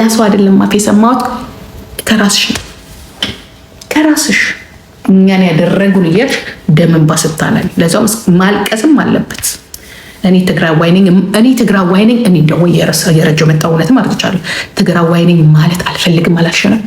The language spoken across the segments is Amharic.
ለሰው አይደለም ማት የሰማሁት ከራስሽ ከራስሽ እኛን ያደረጉን እያልሽ ደምንባ ስታላል ለዛም ማልቀስም አለበት። እኔ ትግራዋይ ነኝ እኔ ትግራዋይ ነኝ እኔ ደግሞ እየረጀው መጣ እውነት ማለት ይቻላል። ትግራዋይ ነኝ ማለት አልፈልግም ነው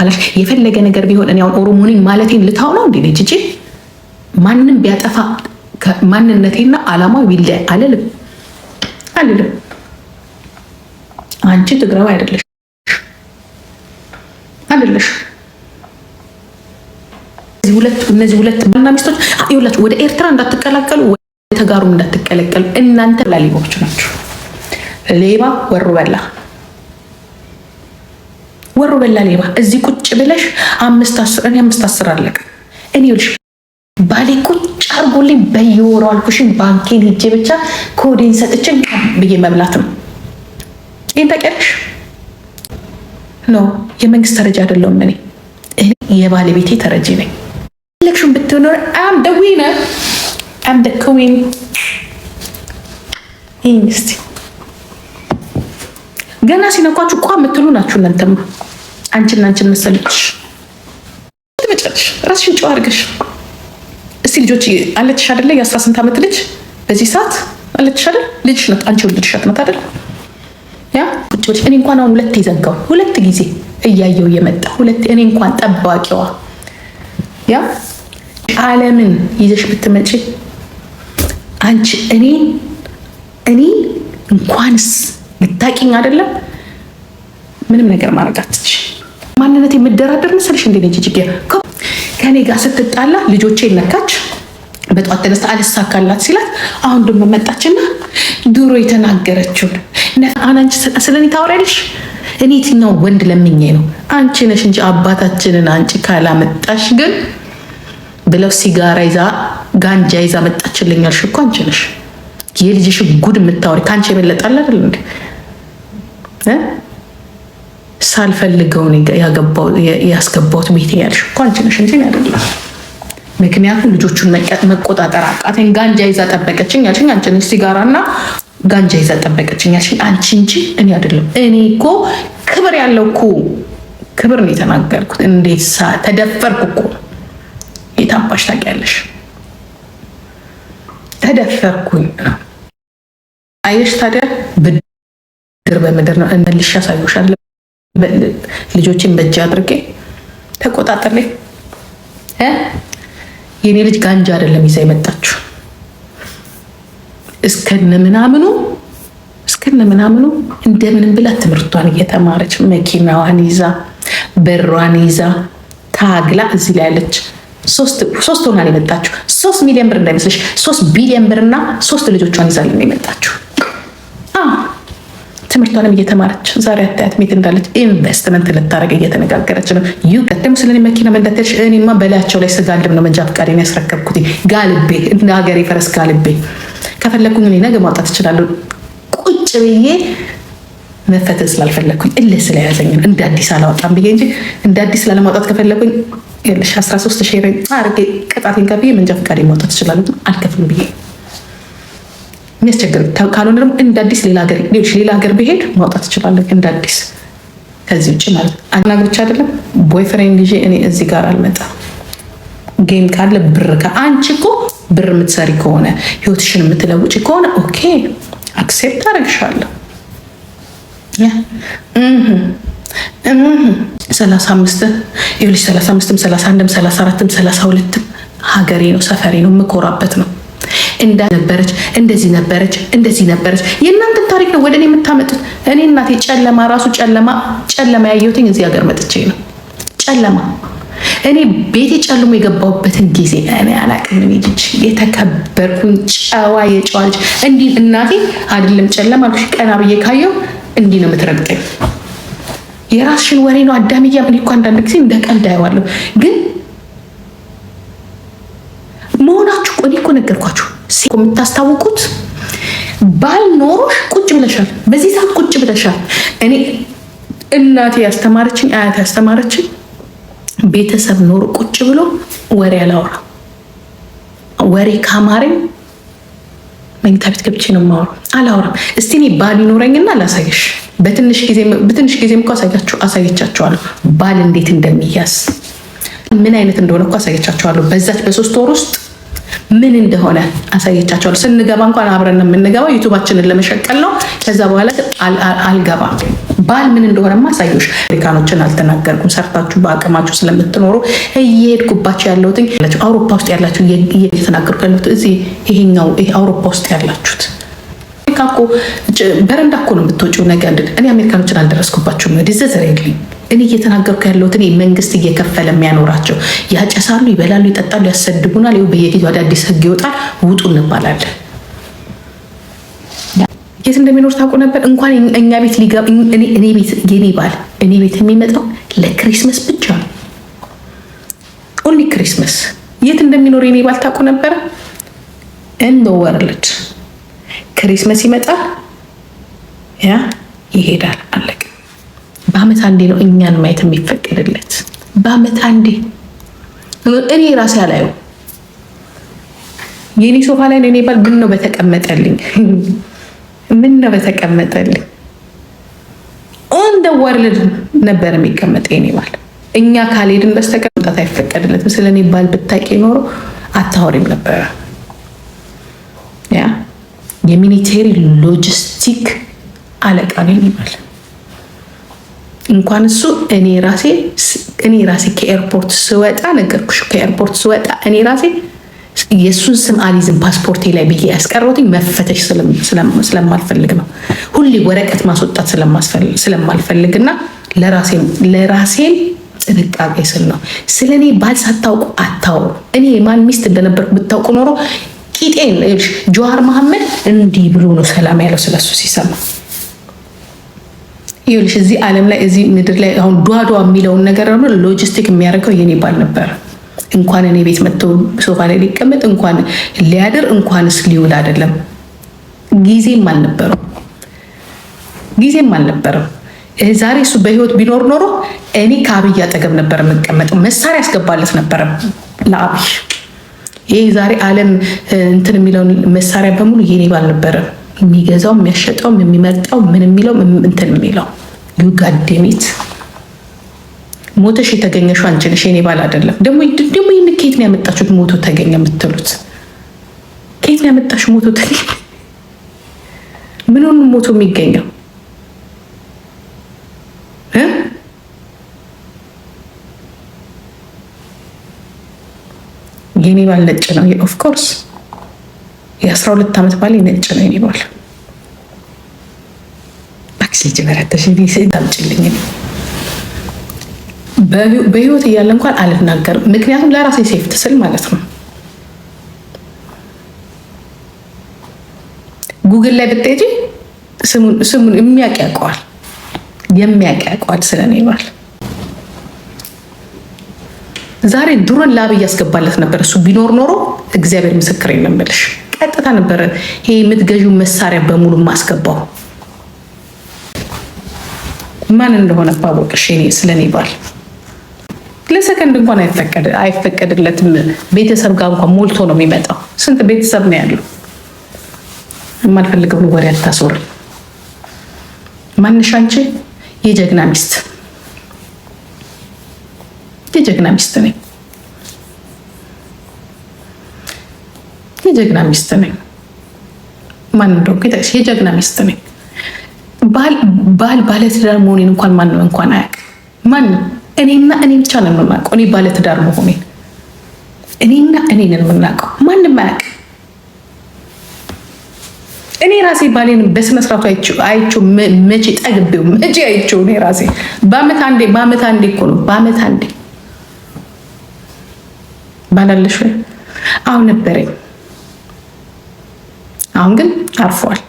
አላልሽ የፈለገ ነገር ቢሆን እኔ አሁን ኦሮሞ ነኝ ማለቴን ልታው ነው እንዴ ልጅ ማንም ቢያጠፋ ማንነቴና አላማው ይለያል አልልም አልልም አንቺ ትግራዊ አይደለሽ አይደለሽ። እነዚህ ሁለት ባልና ሚስቶች ይኸውላችሁ ወደ ኤርትራ እንዳትቀላቀሉ፣ ወደ ተጋሩም እንዳትቀላቀሉ። እናንተ ላሊቦች ናችሁ። ሌባ ወሮ በላ ወሮ በላ ሌባ። እዚህ ቁጭ ብለሽ አምስት አስር እኔ አምስት አስር አለቀ። እኔ ይኸውልሽ ባሌ ቁጭ አርጎልኝ በየወሩ አልኩሽን ባንኬን ሂጄ ብቻ ኮዴን ሰጥቼ ብዬ መብላት ነው። ይህን ታውቂያለሽ? ኖ የመንግስት ተረጂ አይደለሁም። እኔ የባለቤቴ ተረጂ ነኝ። ለክሽን ብትኖር አም ደ ዊነር አም ደ ኩዊን። ይህን እስኪ ገና ሲነኳችሁ ቋ የምትሉ ናችሁ እናንተማ። አንቺን አንቺን መሰለች ትመጫለሽ። ራስሽን ጨዋ አድርገሽ እስቲ ልጆች አለችሽ አደለ? የአስራ ስንት ዓመት ልጅ በዚህ ሰዓት አለችሽ አደለ? ልጅሽ ናት። አንቺ ወለድሻት ናት አደለ? ጭራሽ እኔ እንኳን አሁን ሁለት የዘንከው ሁለት ጊዜ እያየው እየመጣ ሁለት እኔ እንኳን ጠባቂዋ ያ ዓለምን ይዘሽ ብትመጪ አንቺ እኔ እኔ እንኳንስ ልታቂኝ አይደለም ምንም ነገር ማድረግ አትች ማንነት የምደራደር መሰለሽ እንዴ? ጅጌ ከእኔ ጋር ስትጣላ ልጆቼ ነካች በጠዋት ተነስታ አልሳካላት ሲላት አሁን ደሞ መጣችና ድሮ የተናገረችውን አሁን አንቺ ስለ እኔ ታወሪያለሽ? እኔ የትኛው ወንድ ለምኜ ነው? አንቺ ነሽ እንጂ አባታችንን አንቺ ካላመጣሽ ግን ብለው ሲጋራ ይዛ ጋንጃ ይዛ መጣችልኛል። ሽኮ አንቺ ነሽ የልጅሽ ጉድ የምታወሪ ከአንቺ የበለጣል አይደል እንዴ? ሳልፈልገውን ያስገባሁት ቤት ያልሽ እኮ አንቺ ነሽ እንጂ አይደለም። ምክንያቱም ልጆቹን መቆጣጠር አቃተኝ፣ ጋንጃ ይዛ ጠበቀችኝ ያልሽኝ አንቺ ነሽ። ሲጋራና ጋንጃ ይዛ ጠበቀችኝ ያልሽኝ አንቺ እንጂ እኔ አይደለም። እኔ እኮ ክብር ያለው እኮ ክብር ነው የተናገርኩት። እንዴት ተደፈርኩ እኮ የታባሽ ታውቂያለሽ፣ ተደፈርኩኝ። አየሽ ታዲያ ብድር በምድር ነው እንልሽ ያሳዩሻል። ልጆችን በእጅ አድርጌ ተቆጣጠሬ የኔ ልጅ ጋንጃ አይደለም ይዛ የመጣችሁ እስከነ ምናምኑ እስከነ ምናምኑ እንደምንም ብላ ትምህርቷን እየተማረች መኪናዋን ይዛ በሯን ይዛ ታግላ እዚህ ላይ ያለች ሶስት ሆና ነው የመጣችሁ። ሶስት ሚሊዮን ብር እንዳይመስለሽ፣ ሶስት ቢሊዮን ብር ብርና ሶስት ልጆቿን ይዛ ነው የመጣችሁ። ትምህርቷንም እየተማረች ዛሬ አታያት ሜት እንዳለች ኢንቨስትመንት ልታደረገ እየተነጋገረች ነው። ዩ ቀደም ስለ መኪና መንዳትሽ እኔማ በላያቸው ላይ ስጋልም ነው መንጃ ፈቃዴን ያስረከብኩት ጋልቤ እንደ ሀገሬ ፈረስ ጋልቤ ከፈለግኩኝ እኔ ነገ ማውጣት እችላለሁ። ቁጭ ብዬ መፈተን ስላልፈለግኩኝ እልህ ስለያዘኝ እንደ አዲስ አላወጣም ብዬ እንጂ እንደ አዲስ ላለማውጣት ከፈለግኩኝ አስራ ሦስት ሺህ ብር አድርጌ ቅጣቴን ከፍዬ መንጃ ፈቃድ ማውጣት እችላለሁ። አልከፍልም ብዬ የሚያስቸግር ካልሆነ ደግሞ እንደ አዲስ ሌላ ሀገር ሌሎች ሌላ ሀገር ብሄድ ማውጣት እችላለሁ። እንደ አዲስ ከዚህ ውጭ ማለት አናግ ብቻ አይደለም። ቦይፍሬንድ ይዤ እኔ እዚህ ጋር አልመጣም። ጌም ካለ ብር ከአንቺ እኮ ብር የምትሰሪ ከሆነ ህይወትሽን የምትለውጭ ከሆነ ኦኬ አክሴፕት አደረግሻለሁ። ሰላሳ ሀገሬ ነው ሰፈሬ ነው የምኮራበት ነው። እንደነበረች እንደዚህ ነበረች እንደዚህ ነበረች። የእናንተን ታሪክ ነው ወደ እኔ የምታመጡት። እኔ እናቴ ጨለማ ራሱ ጨለማ ጨለማ ያየሁትኝ እዚህ ሀገር መጥቼ ነው ጨለማ እኔ ቤቴ ጨልሞ የገባሁበትን ጊዜ እኔ አላቅም። ልጅ የተከበርኩን ጨዋ የጨዋ ልጅ እንዲህ እናቴ አይደለም ጨለማ አልኩሽ ቀና ብዬ ካየው እንዲህ ነው የምትረግጠኝ። የራስሽን ወሬ ነው አዳምያ። ምን እኮ አንዳንድ ጊዜ እንደ ቀልድ አየዋለሁ፣ ግን መሆናችሁ እኔ እኮ ነገርኳችሁ የምታስታውቁት ባል ኖሮሽ ቁጭ ብለሻል። በዚህ ሰዓት ቁጭ ብለሻል። እኔ እናቴ ያስተማረችኝ አያት ያስተማረችኝ ቤተሰብ ኖሮ ቁጭ ብሎ ወሬ አላወራ። ወሬ ካማረኝ መኝታ ቤት ገብቼ ነው የማወራው። አላወራም። እስቲ እኔ ባል ይኖረኝና ላሳየሽ። በትንሽ ጊዜም እኮ አሳየቻቸዋለሁ ባል እንዴት እንደሚያዝ ምን አይነት እንደሆነ እኮ አሳየቻቸዋለሁ። በዛች በሶስት ወር ውስጥ ምን እንደሆነ አሳየቻቸዋለሁ። ስንገባ እንኳን አብረን የምንገባው ዩቱባችንን ለመሸቀል ነው። ከዛ በኋላ ግን አልገባም። ባል ምን እንደሆነ ማሳዮች አሜሪካኖችን አልተናገርኩም። ሰርታችሁ በአቅማችሁ ስለምትኖሩ እየሄድኩባቸው ያለሁት አውሮፓ ውስጥ ያላችሁ እየተናገርኩ ያለሁት እዚህ ይሄኛው አውሮፓ ውስጥ ያላችሁት አሜሪካ እኮ በረንዳ እኮ ነው የምትወጪው። ነገ እንድ እኔ አሜሪካኖችን አልደረስኩባቸውም። ደዘዘረግልኝ እኔ እየተናገርኩ ያለሁት እኔ መንግስት እየከፈለ የሚያኖራቸው ያጨሳሉ፣ ይበላሉ፣ ይጠጣሉ፣ ያሰድቡናል። በየጊዜው አዳዲስ ህግ ይወጣል። ውጡ እንባላለን። የት እንደሚኖር ታውቁ ነበር? እንኳን እኛ ቤት እኔ ቤት የኔ ባል እኔ ቤት የሚመጣው ለክሪስመስ ብቻ ነው። ኦንሊ ክሪስመስ። የት እንደሚኖር የኔ ባል ታውቁ ነበረ? እንደ ወርልድ ክሪስመስ ይመጣል፣ ያ ይሄዳል፣ አለቀ። በአመት አንዴ ነው እኛን ማየት የሚፈቅድለት። በአመት አንዴ። እኔ ራሴ አላየው የኔ ሶፋ ላይ ነው የኔ ባል ግን ነው በተቀመጠልኝ ምን ነው በተቀመጠልኝ ኦን ወርልድ ነበር የሚቀመጥ የኔ ባል። እኛ ካልሄድን በስተቀር መምጣት አይፈቀድለትም። ስለ እኔ ባል ብታቂ ኖሮ አታወሪም ነበረ። ያ የሚሊቴሪ ሎጂስቲክ አለቃ ነው የኔ ባል። እንኳን እሱ እኔ ራሴ እኔ ራሴ ከኤርፖርት ስወጣ ነገርኩሽ፣ ከኤርፖርት ስወጣ እኔ ራሴ የእሱን ስም አሊዝም ፓስፖርቴ ላይ ብዬ ያስቀረትኝ መፈተሽ ስለማልፈልግ ነው። ሁሌ ወረቀት ማስወጣት ስለማልፈልግ እና ለራሴን ጥንቃቄ ስል ነው። ስለ እኔ ባል ሳታውቁ አታውሩ። እኔ የማን ሚስት እንደነበርኩ ብታውቁ ኖሮ ቂጤን ጀዋር መሐመድ እንዲህ ብሎ ነው ሰላም ያለው ስለሱ ሲሰማ ይኸውልሽ እዚህ ዓለም ላይ እዚህ ምድር ላይ አሁን ዷዷ የሚለውን ነገር ሎጂስቲክ የሚያደርገው የኔ ባል ነበረ። እንኳን እኔ ቤት መጥቶ ሶፋ ላይ ሊቀመጥ እንኳን ሊያድር እንኳንስ ሊውል አይደለም። ጊዜም አልነበረም፣ ጊዜም አልነበረም። ዛሬ እሱ በህይወት ቢኖር ኖሮ እኔ ከአብይ አጠገብ ነበር የምቀመጠው። መሳሪያ ያስገባለት ነበረ ለአብይ። ይህ ዛሬ ዓለም እንትን የሚለውን መሳሪያ በሙሉ የኔ ባልነበረ የሚገዛው የሚያሸጠውም የሚመርጠው ምን የሚለው እንትን የሚለው ዩጋዴሚት ሞተሽ የተገኘሽው አንቺ ነሽ፣ የኔ ባል አይደለም። ደግሞ ደግሞ ይህን ከየት ነው ያመጣችሁት? ሞቶ ተገኘ የምትሉት ከየት ነው ያመጣሽ? ሞቶ ተገኘ ምን ሆኑ? ሞቶ የሚገኘው የኔ ባል ነጭ ነው። ኦፍኮርስ የአስራ ሁለት ዓመት ባል ነጭ ነው። የኔ ባል አክሲጅ በረተሽ ሴ ታምጭልኝ በህይወት እያለ እንኳን አልናገርም። ምክንያቱም ለራሴ ሴፍት ስል ማለት ነው። ጉግል ላይ ብትሄጂ ስሙን የሚያውቅ ያውቀዋል፣ የሚያውቅ ያውቀዋል ስለኔ ባል። ዛሬ ድሮን ላብ እያስገባለት ነበር። እሱ ቢኖር ኖሮ እግዚአብሔር ምስክር የለምልሽ ቀጥታ ነበረ ይሄ የምትገዢው መሳሪያ በሙሉ ማስገባው ማን እንደሆነ ባወቅሽ ስለኔ ይባል። ሰከንድ እንኳን አይፈቀድለትም። ቤተሰብ ጋር እንኳን ሞልቶ ነው የሚመጣው። ስንት ቤተሰብ ነው ያለው። የማልፈልገውን ወሬ አታስወርም። ማንሽ አንቺ የጀግና ሚስት የጀግና ሚስት ነኝ የጀግና ሚስት ነኝ። ማን እንደሆንኩ የጀግና ሚስት ነኝ። ባል ባለትዳር መሆኔን እንኳን ማንም እንኳን አያውቅም ማንም እኔና እኔ ብቻ ነው የምናውቀው። እኔ ባለትዳር መሆኔን እኔና እኔን የምናውቀው ማንም አያውቅ። እኔ ራሴ ባሌን በስነስርዓቱ አይቼው መቼ ጠግቤው መቼ አይቼው እኔ ራሴ በአመት አንዴ በአመት አንዴ እኮ ነው በአመት አንዴ ባላለሽ ወይ አሁን ነበረኝ። አሁን ግን አርፏል።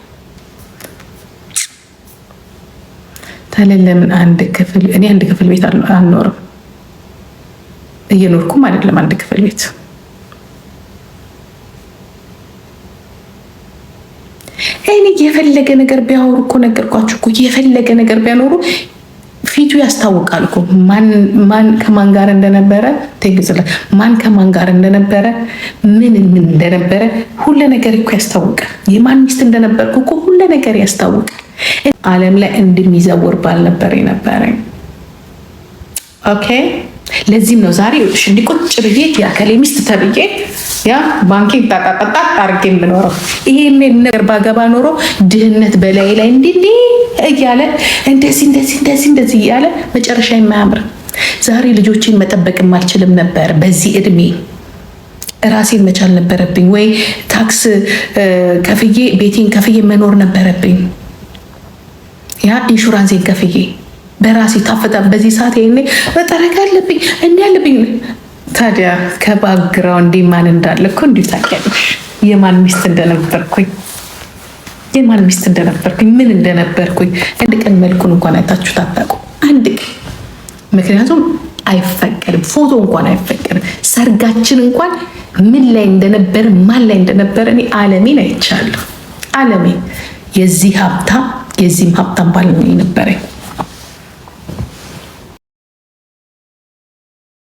ታዲያ ለምን አንድ ክፍል እኔ አንድ ክፍል ቤት አልኖርም፣ እየኖርኩም አይደለም አንድ ክፍል ቤት እኔ የፈለገ ነገር ቢያወሩ እኮ ነገርኳችሁ እኮ የፈለገ ነገር ቢያኖሩ ፊቱ ያስታውቃል እኮ ማን ከማን ጋር እንደነበረ ተይግጽላ ማን ከማን ጋር እንደነበረ ምን ምን እንደነበረ ሁለ ነገር እኮ ያስታውቃል። የማን ሚስት እንደነበርኩ እኮ ሁለ ነገር ያስታውቃል። ዓለም ላይ እንደሚዘውር ባል ነበር የነበረኝ። ኦኬ ለዚህም ነው ዛሬ ሽንዲ እንዲቆጭ ብዬ የአከሌ ሚስት ተብዬ ያ ባንኪን ጣጣጣጣ አርጌ የምኖረው። ይሄን ነገር ባገባ ኖሮ ድህነት በላይ ላይ እንዲህ እያለ እንደዚህ እንደዚህ እንደዚህ እንደዚህ እያለ መጨረሻ የማያምር ዛሬ ልጆችን መጠበቅ አልችልም ነበር። በዚህ እድሜ ራሴን መቻል ነበረብኝ፣ ወይ ታክስ ከፍዬ ቤቴን ከፍዬ መኖር ነበረብኝ። ያ ኢንሹራንስ ከፍዬ በራሴ ታፈጣ በዚህ ሰዓት ይሄኔ መጠረቅ አለብኝ እኔ ያለብኝ። ታዲያ ከባክግራውንድ ማን እንዳለ እኮ እንዲሁ ታውቂያለሽ፣ የማን ሚስት እንደነበርኩኝ የማን ሚስት እንደነበርኩኝ ምን እንደነበርኩኝ። አንድ ቀን መልኩን እንኳን አይታችሁ ታታቁ አንድ ቀን ምክንያቱም አይፈቀድም፣ ፎቶ እንኳን አይፈቀድም። ሰርጋችን እንኳን ምን ላይ እንደነበረ ማን ላይ እንደነበረ እኔ አለሜን አይቻለሁ። አለሜን የዚህ ሀብታም የዚህም ሀብታም ባል ነው